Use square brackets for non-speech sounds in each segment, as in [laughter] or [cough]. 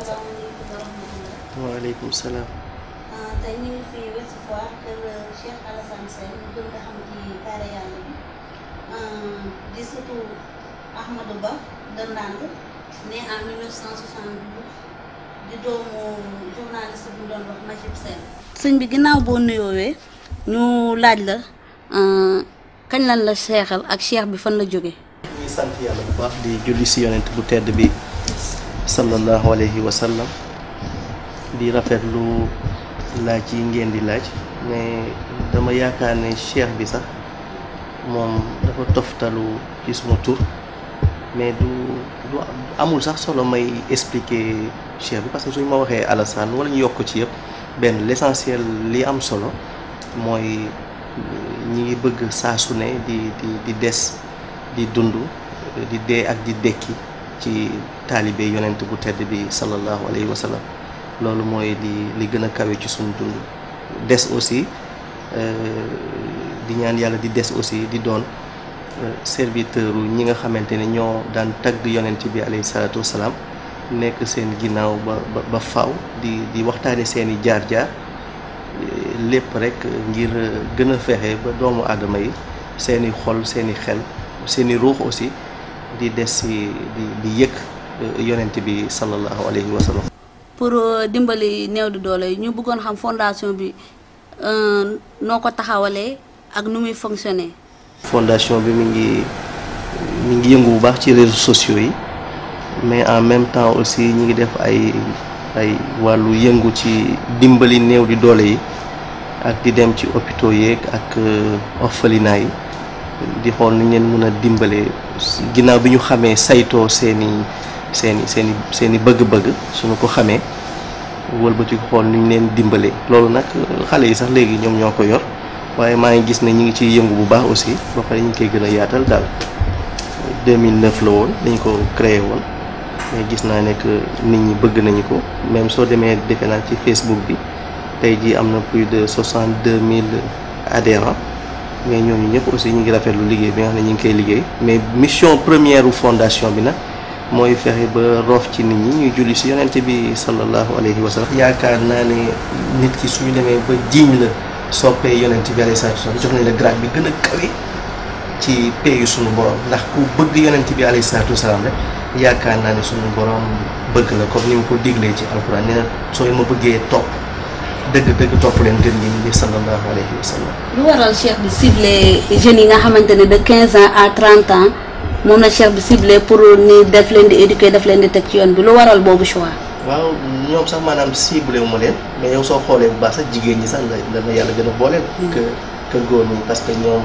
asalaamaaleykum wa salaam. tey ñu ngi fi Ouest Foire kër Cheikh Alassane Sène ñu gën ko xam ci Daara Yàlla bi di surtout Ahmadou Ba de Ndande di doomu journaliste bu doon wax Najib Sène. sëñ bi ginnaaw boo nuyoowee ñu laaj la euh, kañ lan la seexal ak cheikh bi fan la jóge ñuy sant yàlla bu baax di julli si yonent bu tedd bi. sallallahu alayhi wa sallam di rafetlu laaj yi ngeen di laaj mais dama yaakaar ne cheikh bi sax moom dafa toftalu ci suma tur mais du amul sax solo may expliquer cheikh bi parce que suñ ma waxee Alassane wala ñu yokk ci yëpp benn l'essentiel li am solo mooy ñi ngi bëgg saa su ne di di di des di dund di dee ak di dekki ci taalibe yonent bu tedd bi sallallahu alayhi wa loolu mooy li li gën a kawe ci suñu dund des aussi euh, di ñaan yàlla di des aussi di doon euh, serviteur u ñi nga xamante ne ñoo daan tagg yonent bi alayhi salaatu wasalaam nekk seen ginnaaw ba ba faaw di di waxtaane seeni jaar-jaar euh, lépp rekk ngir gën a fexe ba doomu aadama yi seeni xol seeni xel seeni ruux aussi di des si di di euh, yonent bi sallallahu alayhi wa sallam. pour euh, dimbali néew di doole yi ñu bëggoon xam fondation bi euh, noo ko taxawalee ak nu muy fonctionner. fondation bi mu ngi mi ngi yëngu bu baax ci réseaux sociaux yi mais en même temps aussi ñu ngi def ay ay wàllu yëngu ci dimbali néew di doole yi ak di dem ci hôpitaux yeeg ak orphelinat yi. di xool nu leen mën a dimbalee ginnaaw bi ñu xamee sayto seeni seeni seeni seeni bëgg-bëgg suñu ko xamee wëlbati ko xool nu leen dimbale loolu nag xale yi sax léegi ñoom ñoo ko yor waaye maa ngi gis ne ñu ngi ciy yëngu bu baax aussi ba pare ñu koy gën a yaatal daal 2009 la woon dañ ko créé woon mais gis naa ne que nit ñi bëgg nañu ko même soo demee defe naa ci Facebook bi tey jii am na plus de 62 000 adhérents mais ñooñu ñëpp aussi ñu ngi rafetlu liggéey bi nga xam ne ñu ngi koy liggéey mais mission première ou fondation bi nag mooy fexe ba roof ci nit ñi ñuy julli si yonent bi sallallahu alayhi wa sallam yaakaar naa ne nit ki suñu demee ba jiiñ la soppee yonent bi alayhi salatu wasalam jox nañ la grade bi gën a kawe ci peeyu suñu borom ndax ku bëgg yonent bi alayhi salatu wasalam rek yaakaar naa ne suñu borom bëgg la comme ni mu ko diglee ci alquran nee na sooy ma bëggee topp dëgg dëgg topp leen gën yi ngir sallallahu alayhi wa sallam. lu waral cheikh bi ciblé jeunes yi nga xamante ne de quinze ans à trente ans moom la cheikh bi ciblé pour ni def leen di éduquer daf leen di teg ci yoon bi lu waral boobu choix. waaw ñoom sax maanaam cible wu ma leen mais yow soo xoolee bu baax sax jigéen ñi sax la la yàlla gën a booleel. Hmm. que que góor ñi parce que ñoom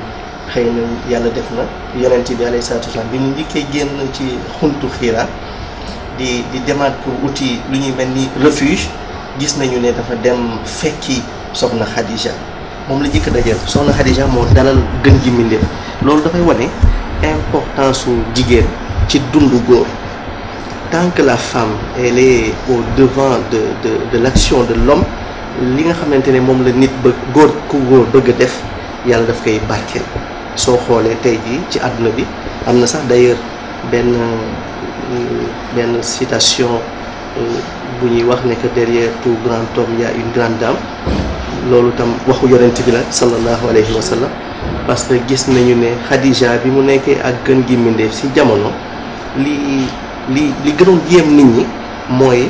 xëy na yàlla def na yonent bi alayhi salaatu wasalaam bi mu njëkkee génn ci xuntu xiira di di demaat pour uti lu ñuy mel ni refuge. gis nañu ne dafa dem fekki na Khadija moom la jëkk dajal soxna Khadija moo dalal gën ji mbindéef loolu dafay wane importance su jigéen ci dundu góor tant que la femme elle est au devant de de de l'action de l'homme li nga xamante ne moom la nit bëgg góor ku góor bëgg a def yàlla daf koy barkeel soo xoolee tey jii ci àdduna bi am na sax d'ailleurs benn euh, benn citation bunyi ñuy wax ne que derrière tout grand homme ya a une grande dame tam waxu yonent bi la sallallahu alayhi wa sallam parce que gis nañu ne Khadija bi mu nekkee ak gën gi mindeef jamono li li li gënoon yéem nit ñi mooy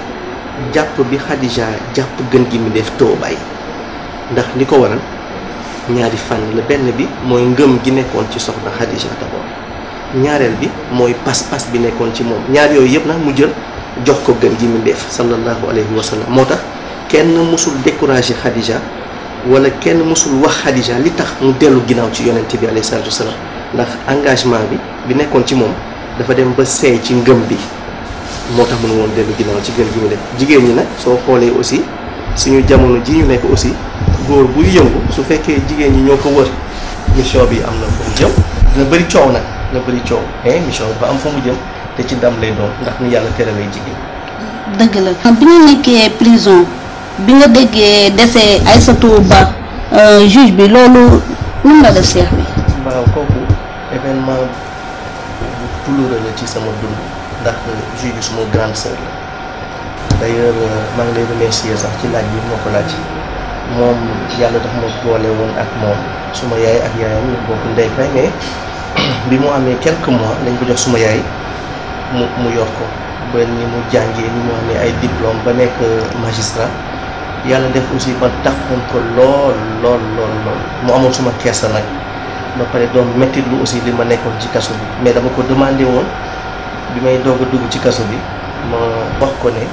jàpp bi Khadija jàpp gën gi mindeef too bàyyi ndax li ko waral ñaari fànn le benn bi mooy ngëm gi nekkoon ci soxna Khadija d'abord ñaareel bi mooy pas-pas bi nekkoon ci moom ñaar yooyu yëpp mu jël jox ko gën ji mindeef sallallahu alayhi wa sallam moo tax kenn mosul découragé Khadija wala kenn mësul wax Khadija li tax mu dellu ginnaaw ci yonent bi alayhi salaatu wa ndax engagement bi bi nekkoon ci moom dafa dem ba seey ci ngëm bi moo tax mënu woon dellu ginnaaw ci gën ji mindeef jigéen ñi nag soo xoolee aussi suñu jamono ji ñu nekk aussi góor buy yëngu su fekkee jigéen ñi ñoo ko wër mission bi am na fu mu jëm dina bëri coow nag na bëri coow mais eh, mission am fa mu jëm te ci ndam lay doon ndax ni yàlla teralee jigéen. dëgg la bi nga nekkee prison bi nga déggee dese Aïssatou Ba euh, juge bi loolu nun la def seex bi. waaw kooku événement ci sama dund ndax bi suma grande sœur la euh, maa ngi lay remercier sax ci laaj bi moo ko laaj moom yàlla dafa ma boole woon ak moom suma yaay ak yaayam ñu bokk ndey mais [clears throat] bi mu amee quelques mois lañ ko jox suma yaay. mu mu yor ko ba ni mu jàngee ni mu amee ay diplôme ba nekk magistrat yàlla def aussi ba dàqoon ko lool lool lool lool mu amul suma kersa nag ba pare doon méttit lu aussi li ma nekkoon ci kaso bi mais dama ko demandé woon bi may doog a dugg ci kaso bi ma wax ko ne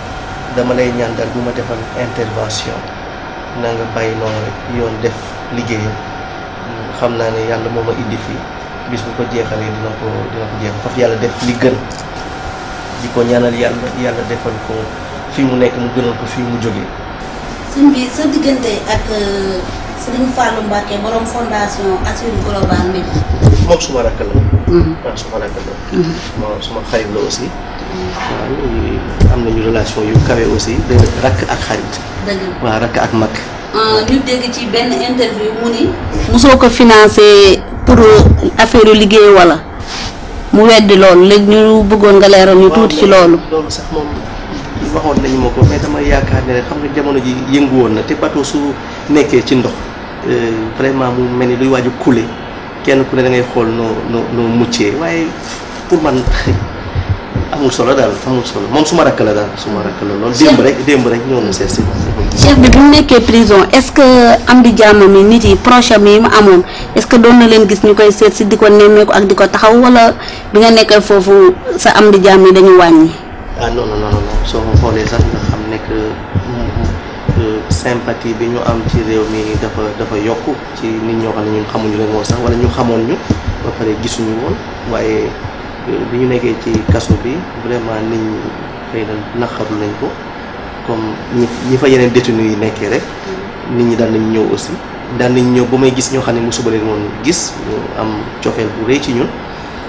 dama lay ñaan daal bu ma defal intervention na nga bàyyi noonu rek yoon def liggéeyam xam naa ne yàlla moo ma indi fii bis bu ko jeexalee dina ko dina ko jeex faf yàlla def li gën di ko ñaanal yàlla yàlla defal ko fi mu nekk mu gënal ko fi mu jógee sëñ bi sa diggante ak sëriñ Fallou Mbacke borom fondation Assur Global Media mm-hmm. moom mm-hmm. suma rakk la waaw suma rakk la suma xarit la aussi am nañu relation yu kawe aussi de rakk ak xarit dëgg waaw rakk ak mag ah, ñu dégg ci interview mu ni mosoo ko pour affaire liggéey wala mu weddi loolu léegi bëggoon nga leeral ñu tuuti ci loolu. loolu sax moom waxoon nañu ma ko mais dama yaakaar ne xam nga jamono ji yëngu woon na te bateau su nekkee ci ndox euh, vraiment mu mel ni luy waaju kule kenn ku ne da ngay xool noo noo noo muccee waaye pour man. [laughs] amul solo daal amul solo moom su ma rakk la daal su ma rakk la loolu. démb rek démb rek ñëw na seet si. chef bi bi mu est ce que am di jàmm mi nit yi proche mi mu amoon ce que doon na leen gis ñu koy seet si di ko nemmeeku ak di ko taxaw wala bi nga foofu sa am di jàmm mi dañu wàññi. ah non non soo ko xoolee sax nga xam ne que euh, euh, sympathie bi ñu am ci réew mi dafa dafa yokk ci nit ñoo xam ne ñun xamuñu leen woon sax wala ñu xamoon ñu ba pare gisuñu woon waaye. bi ñu nekkee ci kaso bi vraiment nit ñi xëy na naqarlu nañ ko comme ñi ñi fa yeneen détenu yi nekkee rek nit ñi daan nañ ñëw aussi daan nañ ñëw ba may gis ñoo xam ne mosuma leen woon gis ñu am cofeel bu rëy ci ñun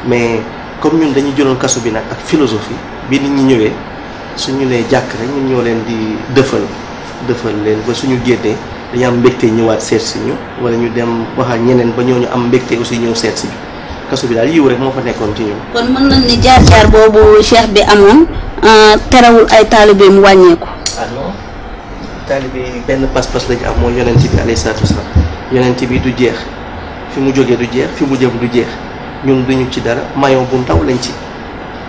mais comme ñun dañu jëloon kaso bi nag ak philosophie bi nit ñi ñëwee suñu nee jàkk rek ñu ñoo leen di dëfal dëfal leen ba suñu génnee dañu am mbégte ñëwaat seet si ñu wala ñu dem waxal ñeneen ba ñu am mbégte aussi ñëw seet si kaso bi daal yi rek moo fa ci yow kon mën nañ ni jaar jaar boobu cheikh bi amoon ah, terewul ay benn pas-pas lañ am mooy yonent bi alayhi salatu wasalam yonent bi du jeex fi mu jógee du jeex fi mu jëm du jeex ñun duñu ci dara bu ndaw lañ ci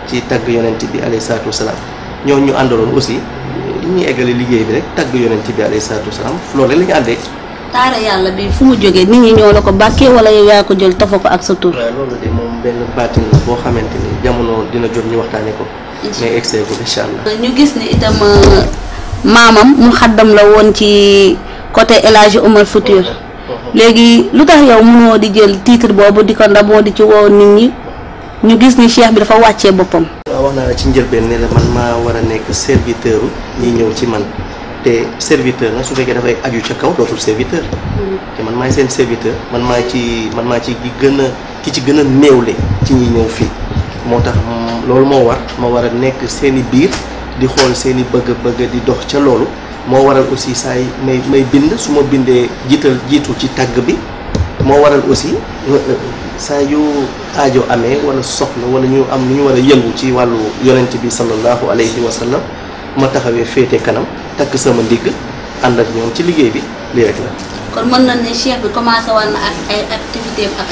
ci tagg yonent bi alayhi salatu wasalam ñoo ñu àndaloon aussi ñi eggale liggéey bi rek tagg yonent bi alayhi salatu lañ Tara yàlla bi fu mu jógee nit ñi ñoo ko bàkkee wala yow ko jël tafa ko ak sa tur. waaw de moom jamono dina ñu ko. mais ko ñu gis ni itam euh, maamam mu xaddam la woon ci côté Futur. Legi lu yow mënoo di jël titre di ko di ci nit ñi ñu gis ni cheikh bi dafa wàccee boppam. waaw wax naa la ne la man serviteur ñi ci man. te serviteur la su fekkee dafay aju ca kaw dootul serviteur mm-hmm. te man maay seen serviteur man maa ci man maa ci gi gën a ki ci gën a néewle ci ñi ñëw fii moo tax loolu moo war ma war a nekk seen i biir di xool seen i bëgg-bëgg di dox ca loolu moo waral aussi saa yi may may bind su ma bindee jiital jiitu ci tàgg bi moo waral aussi euh, euh, saa yu aajo amee wala soxla wala ñu am lu ñu war a yëngu ci wàllu yonent bi sallallahu alayhi wa sallam ma taxawee féete kanam takk sama ndigg ànd ak ñoom ci liggéey bi lii rek la. kon mën nañ ne cheikh bi commencé woon na ak ay ak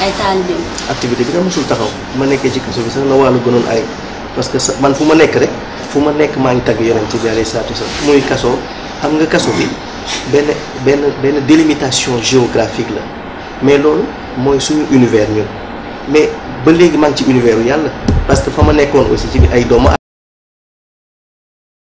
ay taalibeem. activité bi nga mosul taxaw ma nekkee ci kaso bi sax la wàllu ay parce que man fu ma nekk rek fu ma nekk ngi tagg yeneen ci biir saatu sax muy kaso xam nga kaso bi benn benn benn délimitation géographique la mais loolu mooy suñu univers ñun mais ba léegi maa ngi ci univers yàlla parce que fa ma nekkoon aussi ci ay doomu.